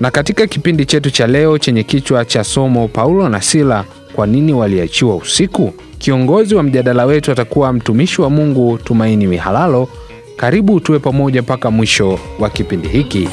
Na katika kipindi chetu cha leo chenye kichwa cha somo Paulo na Sila kwa nini waliachiwa usiku, kiongozi wa mjadala wetu atakuwa mtumishi wa Mungu Tumaini Mihalalo. Karibu tuwe pamoja mpaka mwisho wa kipindi hiki.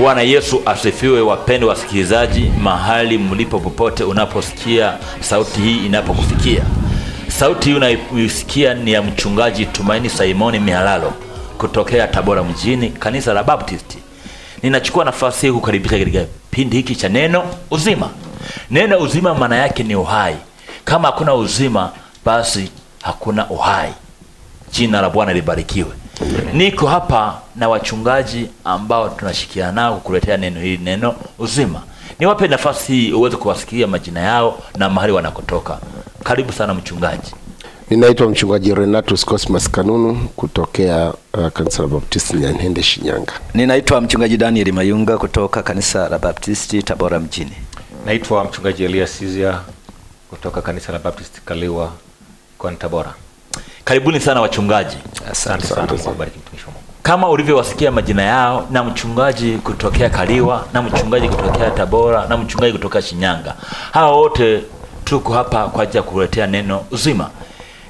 Bwana Yesu asifiwe, wapendwa wasikilizaji, mahali mlipo, popote unaposikia sauti hii, inapokufikia sauti hii unayoisikia ni ya mchungaji Tumaini Simoni Mihalalo kutokea Tabora mjini, kanisa la Baptist. Ninachukua nafasi hii kukaribisha katika kipindi hiki cha neno uzima. Neno uzima maana yake ni uhai. Kama hakuna uzima, basi hakuna uhai. Jina la Bwana libarikiwe. Niko hapa na wachungaji ambao tunashikiana nao kukuletea neno hili, neno uzima. Niwape nafasi hii uweze kuwasikia majina yao na mahali wanakotoka. Karibu sana mchungaji. Ninaitwa mchungaji Renatus Cosmas Kanunu kutokea uh, kanisa la Baptisti Nyanhende, Shinyanga. Ninaitwa mchungaji Daniel Mayunga kutoka kanisa la Baptisti Tabora mjini. Naitwa mchungaji elia Sizia kutoka kanisa la Baptisti Kaliwa mkoani Tabora. Karibuni sana wachungaji. Asante sana kwa habari mtumishi Mungu. Kama ulivyowasikia majina yao, na mchungaji kutokea Kaliwa, na mchungaji kutokea Tabora, na mchungaji kutokea Shinyanga, hawa wote tuko hapa kwa ajili ya kuletea neno uzima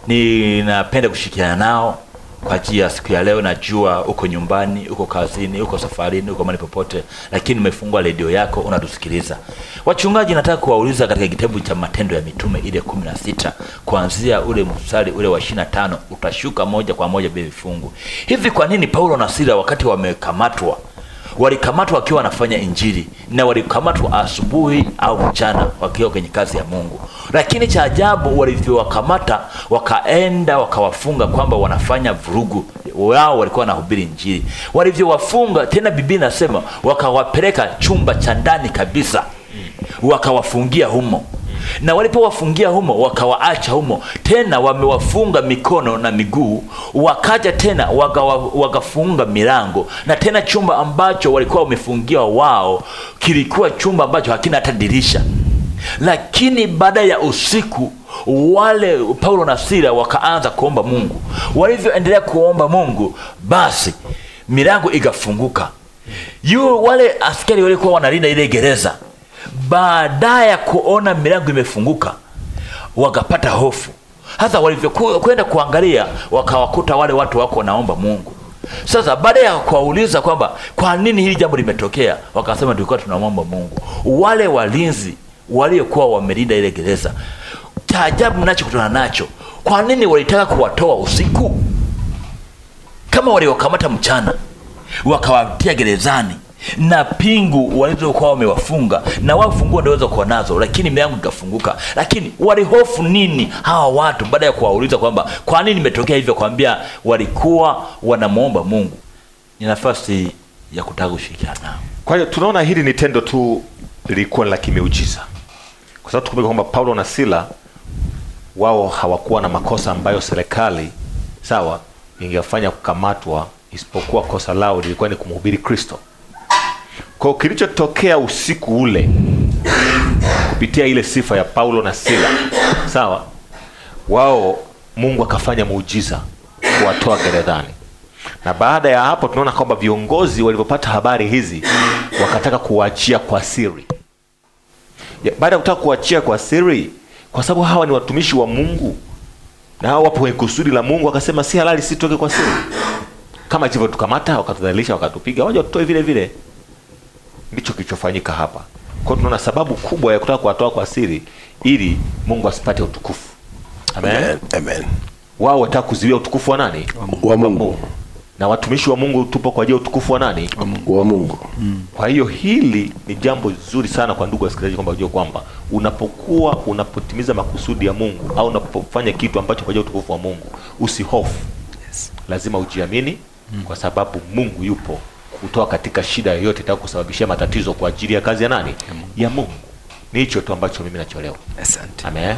ninapenda kushirikiana nao kwa ajili ya siku ya leo. Najua uko nyumbani, uko kazini, uko safarini, uko mahali popote, lakini umefungua redio yako unatusikiliza. Wachungaji, nataka kuwauliza katika kitabu cha Matendo ya Mitume ile kumi na sita kuanzia ule mstari ule wa ishirini na tano utashuka moja kwa moja bila vifungu hivi. Kwa nini Paulo na Sila wakati wamekamatwa walikamatwa wakiwa wanafanya Injili na walikamatwa asubuhi au mchana wakiwa kwenye kazi ya Mungu. Lakini cha ajabu, walivyowakamata wakaenda wakawafunga kwamba wanafanya vurugu, wao walikuwa wanahubiri Injili. Walivyowafunga tena, Biblia nasema wakawapeleka chumba cha ndani kabisa, wakawafungia humo na walipowafungia humo wakawaacha humo, tena wamewafunga mikono na miguu, wakaja tena wakawa, wakafunga milango. Na tena chumba ambacho walikuwa wamefungiwa wao kilikuwa chumba ambacho hakina hata dirisha. Lakini baada ya usiku wale Paulo na Sila wakaanza kuomba Mungu. Walivyoendelea kuomba Mungu, basi milango ikafunguka. Yu wale askari walikuwa wanalinda ile gereza baada ya kuona milango imefunguka wakapata hofu. Hasa walivyokwenda kuangalia, wakawakuta wale watu wako wanaomba Mungu. Sasa baada ya kuwauliza kwamba kwa nini hili jambo limetokea, wakasema tulikuwa tunamwomba Mungu. Wale walinzi waliokuwa wamelinda ile gereza, cha ajabu mnachokutana nacho, kwa nini walitaka kuwatoa usiku kama waliokamata mchana wakawatia gerezani? na pingu walizokuwa wamewafunga na wao funguo ndio kuwa nazo, lakini milango ikafunguka. Lakini walihofu nini hawa watu? Baada ya kuwauliza kwamba kwa nini imetokea hivyo, kwambia walikuwa wanamwomba Mungu. Ni nafasi ya kutaka kushirikiana nao. Kwa hiyo tunaona hili ni tendo tu lilikuwa la kimeujiza, kwa sababu tukumbuke kwamba Paulo na Sila wao hawakuwa na makosa ambayo serikali sawa ingefanya kukamatwa, isipokuwa kosa lao lilikuwa ni kumhubiri Kristo kwao kilichotokea usiku ule kupitia ile sifa ya Paulo na Sila, sawa, wao Mungu akafanya muujiza kuwatoa gerezani, na baada ya hapo tunaona kwamba viongozi walivyopata habari hizi wakataka kuwachia kwa siri. Baada ya kutaka kuwachia kwa siri, kwa sababu hawa ni watumishi wa Mungu na hawa wapo kwenye kusudi la Mungu, akasema si halali sitoke kwa siri. Kama hivyo tukamata, wakatudhalilisha, wakatupiga, waja watutoe vile vile ndicho kilichofanyika hapa. Kwa hiyo tuna sababu kubwa ya kutaka kuwatoa kwa siri ili Mungu asipate utukufu. Amen. Amen. Amen. Wao wataka kuziwia utukufu wa nani? Wa Mungu. Na watumishi wa Mungu tupo kwa ajili ya utukufu wa nani? Wa Mungu. Mm. Kwa hiyo hili ni jambo zuri sana kwa ndugu wasikilizaji kwamba ujue kwamba unapokuwa unapotimiza makusudi ya Mungu au unapofanya kitu ambacho kwa ajili ya utukufu wa Mungu, usihofu. Yes. Lazima ujiamini mm, kwa sababu Mungu yupo kutoa katika shida yoyote itakusababishia matatizo kwa ajili ya kazi ya nani? Ya Mungu. Ni hicho tu ambacho mimi nacholewa. Asante. Amen.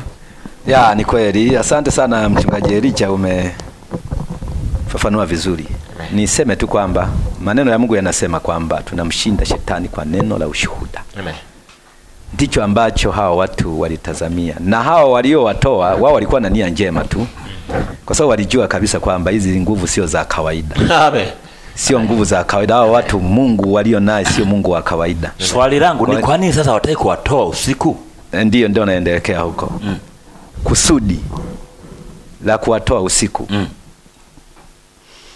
Ya, ni kweli. Asante sana mchungaji Elicha, umefafanua vizuri. Niseme tu kwamba maneno ya Mungu yanasema kwamba tunamshinda shetani kwa neno la ushuhuda. Amen. Ndicho ambacho hawa watu walitazamia, na hawa waliowatoa wao walikuwa na nia njema tu, kwa sababu walijua kabisa kwamba hizi nguvu sio za kawaida. Amen sio nguvu za kawaida. Hao watu Mungu walio naye sio Mungu wa kawaida. Swali langu ni kwa nini sasa wataki kuwatoa usiku? Eh, Ndiyo, ndio naendelekea huko mm. Kusudi la kuwatoa usiku mm.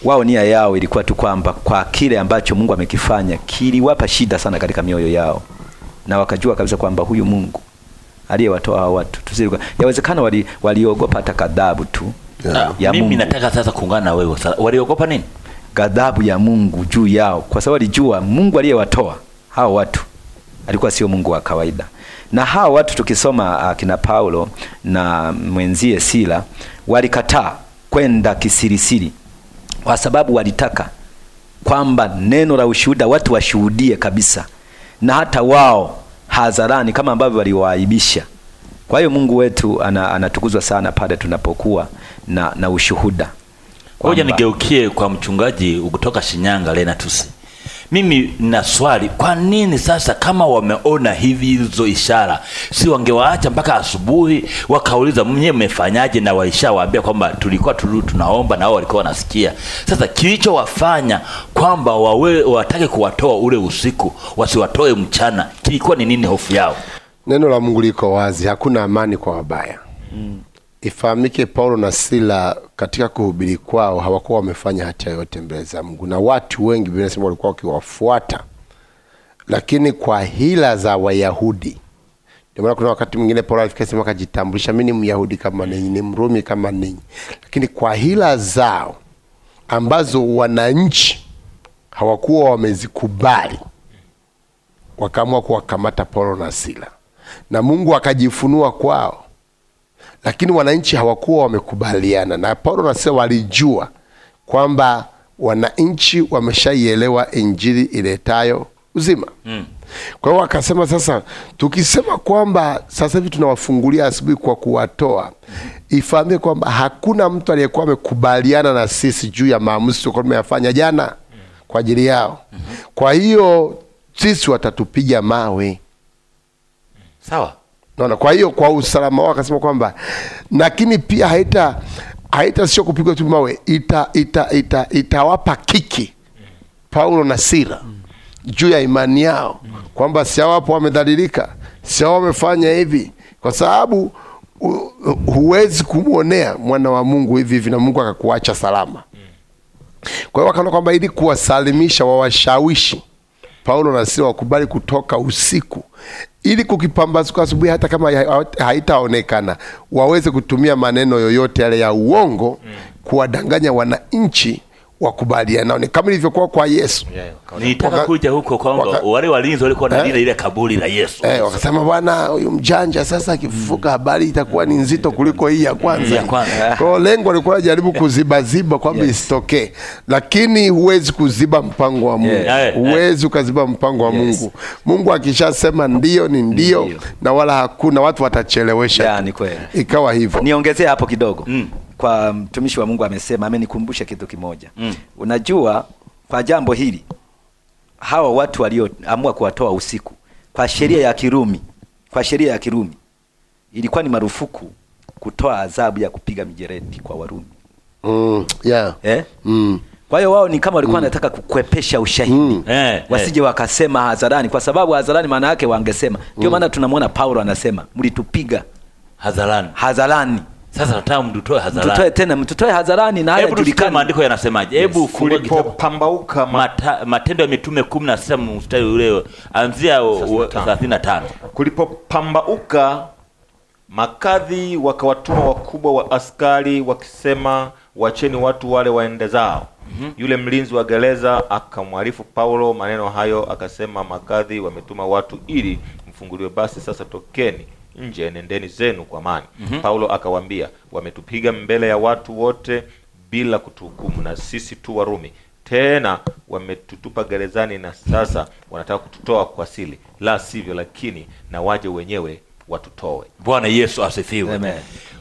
Wao nia yao ilikuwa tu kwamba kwa kile ambacho Mungu amekifanya kiliwapa shida sana katika mioyo yao, na wakajua kabisa kwamba huyu Mungu aliyewatoa hao watu tusiku. Yawezekana waliogopa wali hata kadhabu tu yeah. ya mimi Nataka sasa kuungana na wewe, waliogopa nini? ghadhabu ya Mungu juu yao, kwa sababu alijua Mungu aliyewatoa hao watu alikuwa sio Mungu wa kawaida. Na hao watu tukisoma akina ah, Paulo na mwenzie Sila walikataa kwenda kisirisiri, kwa sababu walitaka kwamba neno la ushuhuda watu washuhudie kabisa, na hata wao hadharani, kama ambavyo waliwaaibisha. Kwa hiyo Mungu wetu anatukuzwa ana sana pale tunapokuwa na, na ushuhuda. Ngoja nigeukie kwa mchungaji kutoka Shinyanga Lenatusi. Mimi na swali, kwa nini sasa kama wameona hivi hizo ishara, si wangewaacha mpaka asubuhi, wakauliza mnye mmefanyaje? Na waisha waambia kwamba tulikuwa tulu tunaomba, na wao walikuwa wanasikia. Sasa kilichowafanya kwamba wawe watake kuwatoa ule usiku, wasiwatoe mchana, kilikuwa ni nini? Hofu yao? Neno la Mungu liko wazi, hakuna amani kwa wabaya mm. Ifahamike, Paulo na Sila katika kuhubiri kwao hawakuwa wamefanya hatia yote mbele za Mungu, na watu wengi Biblia inasema walikuwa wakiwafuata, lakini kwa hila za Wayahudi. Ndio maana kuna wakati mwingine Paulo alifika sema akajitambulisha, mimi ni Myahudi kama ninyi, ni Mrumi kama ninyi, lakini kwa hila zao ambazo wananchi hawakuwa wamezikubali, wakaamua kuwakamata Paulo na Sila na Mungu akajifunua kwao lakini wananchi hawakuwa wamekubaliana, na Paulo anasema walijua kwamba wananchi wameshaielewa injili iletayo uzima mm. Kwa hiyo wakasema sasa, tukisema kwamba sasa hivi tunawafungulia asubuhi kwa kuwatoa ifahamike kwamba hakuna mtu aliyekuwa amekubaliana na sisi juu ya maamuzi tulikuwa tumeyafanya jana kwa ajili yao. Hmm. Kwa hiyo sisi watatupiga mawe, sawa Naona kwa hiyo kwa usalama wao akasema kwamba lakini pia haita haita sio kupigwa tu mawe, ita ita ita itawapa kiki Paulo na Sila juu ya imani yao kwamba si wapo wamedhalilika, si wamefanya hivi, kwa sababu huwezi kumwonea mwana wa Mungu hivi hivi na Mungu akakuacha salama. Kwa hiyo wakaona kwamba ili kuwasalimisha wawashawishi Paulo na Sila wakubali kutoka usiku ili kukipambazuka asubuhi, hata kama haitaonekana, waweze kutumia maneno yoyote yale ya uongo mm. kuwadanganya wananchi wakubaliana ni kama ilivyokuwa kwa Yesu. Yeah, nilitaka kuja huko Kongo waka, wale walinzi walikuwa na lile ile kaburi la eh? Yesu. Eh, wakasema bwana huyu mjanja sasa akifufuka habari itakuwa ni nzito kuliko hii ya kwanza. Eh. Kwa hiyo lengo lilikuwa jaribu kuzibaziba kwamba yes, isitokee. Lakini huwezi kuziba mpango wa Mungu. Eh, huwezi ukaziba mpango wa yes, Mungu. Mungu akishasema ndio ni ndio, na wala hakuna watu watachelewesha. Yeah, ni kweli. Ikawa hivyo. Niongezee hapo kidogo. Mm kwa mtumishi wa Mungu amesema, amenikumbusha kitu kimoja mm. Unajua, kwa jambo hili hawa watu walioamua kuwatoa usiku kwa sheria mm. ya Kirumi, kwa sheria ya Kirumi ilikuwa ni marufuku kutoa adhabu ya kupiga mijeredi kwa Warumi mm. yeah. eh? mm. Kwa hiyo wao ni kama walikuwa mm. wanataka mm. kukwepesha ushahidi mm. eh, eh. wasije eh, wakasema hadharani, kwa sababu hadharani maana yake wangesema. Ndio mm. maana mm. tunamwona Paulo anasema mlitupiga hadharani, hadharani sasa nataka mtutoe hadharani. Mtutoe tena, mtutoe hadharani na haya julikana. Maandiko yanasemaje? Hebu yes. Fungua pambauka ma... Mata, Matendo ya Mitume 16 mstari ule anzia 35. Kulipopambauka makadhi wakawatuma wakubwa wa askari wakisema, wacheni watu wale waende zao. Mm -hmm. Yule mlinzi wa gereza akamwarifu Paulo maneno hayo, akasema, makadhi wametuma watu ili mfunguliwe, basi sasa tokeni nje, nendeni zenu kwa mani mm -hmm. Paulo akawambia wametupiga mbele ya watu wote bila kutuhukumu, na sisi tu Warumi tena wametutupa gerezani, na sasa wanataka kututoa kwa sili la sivyo, lakini na waje wenyewe watutoe. Bwana Yesu asifiwe.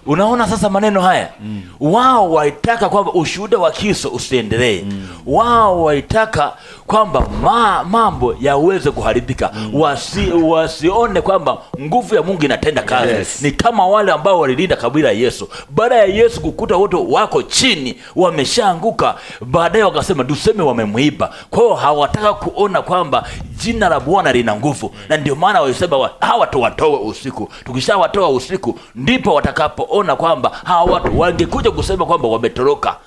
Unaona sasa maneno haya mm. Wao waitaka kwamba ushuhuda wa Kristo usiendelee mm. Wao waitaka kwamba ma, mambo yaweze kuharibika mm. Wasi, wasione kwamba nguvu ya Mungu inatenda kazi yes. Ni kama wale ambao walilinda kabila ya Yesu baada ya Yesu kukuta wote wako chini wameshaanguka, baadaye wakasema tuseme wamemwiba. Kwao hawataka kuona kwamba jina la Bwana lina nguvu, na ndio maana walisema hawatuwatoe usiku usiku. Tukishawatoa usiku, ndipo watakapoona kwamba hawa watu wangekuja kusema kwamba wametoroka.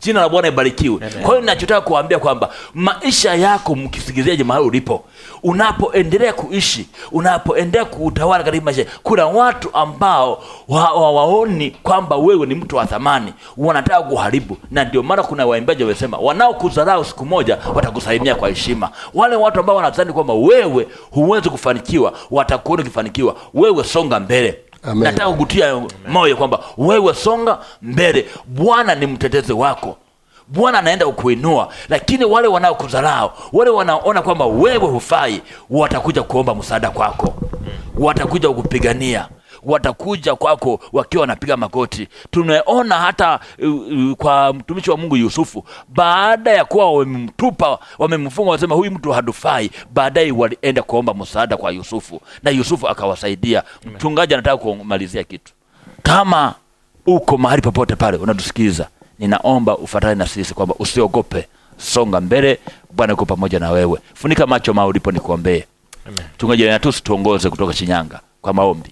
Jina la Bwana ibarikiwe. Kwa hiyo ninachotaka kuwaambia kwamba maisha yako mkisikilizaje, mahali ulipo, unapoendelea kuishi, unapoendelea kuutawala katika maisha, kuna watu ambao hawaoni wa kwamba wewe ni mtu wa thamani, wanataka kuharibu. Na ndio maana kuna waimbaji wamesema, wanaokudharau siku moja watakusalimia kwa heshima. Wale watu ambao wanadhani kwamba wewe huwezi kufanikiwa, watakuona ukifanikiwa. Wewe songa mbele nataka kukutia moyo kwamba wewe songa mbele, Bwana ni mtetezi wako. Bwana anaenda kukuinua, lakini wale wanaokudharau, wale wanaona kwamba wewe hufai, watakuja kuomba msaada kwako, watakuja kukupigania watakuja kwako wakiwa wanapiga magoti. Tunaona hata uh, uh, kwa mtumishi wa Mungu Yusufu, baada ya kuwa wamemtupa, wamemfunga, wasema huyu mtu hadufai, baadaye walienda kuomba msaada kwa Yusufu na Yusufu akawasaidia. Mchungaji anataka kumalizia kitu. Kama uko mahali popote pale unatusikiliza, ninaomba ufatane na sisi kwamba usiogope, songa mbele, Bwana yuko pamoja na wewe. Funika macho mao ulipo, nikuombee. Mchungaji, natusi tuongoze kutoka Shinyanga kwa maombi.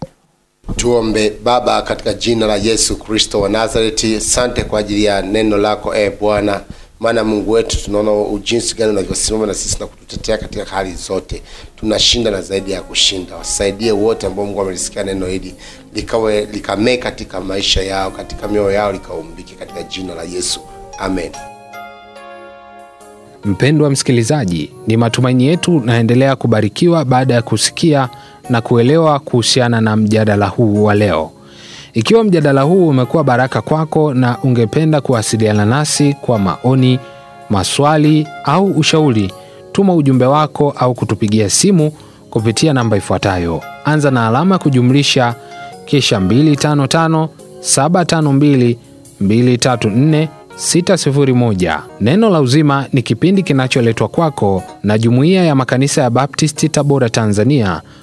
Tuombe. Baba, katika jina la Yesu Kristo wa Nazareti, sante kwa ajili ya neno lako e Bwana, maana Mungu wetu, tunaona ujinsi gani unavyosimama na sisi na kututetea katika hali zote. Tunashinda na zaidi ya kushinda. Wasaidie wote ambao Mungu amelisikia neno hili likawe likamee katika maisha yao, katika mioyo yao, likaumbike katika jina la Yesu, amen. Mpendwa msikilizaji, ni matumaini yetu naendelea kubarikiwa baada ya kusikia na kuelewa kuhusiana na mjadala huu wa leo. Ikiwa mjadala huu umekuwa baraka kwako na ungependa kuwasiliana nasi kwa maoni, maswali au ushauri, tuma ujumbe wako au kutupigia simu kupitia namba ifuatayo: anza na alama kujumlisha kisha 255 Neno la Uzima ni kipindi kinacholetwa kwako na Jumuiya ya Makanisa ya Baptisti Tabora, Tanzania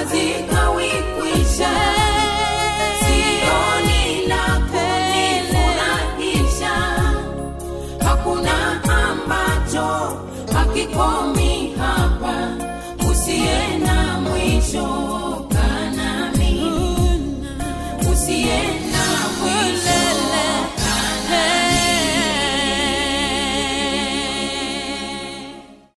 Brasil.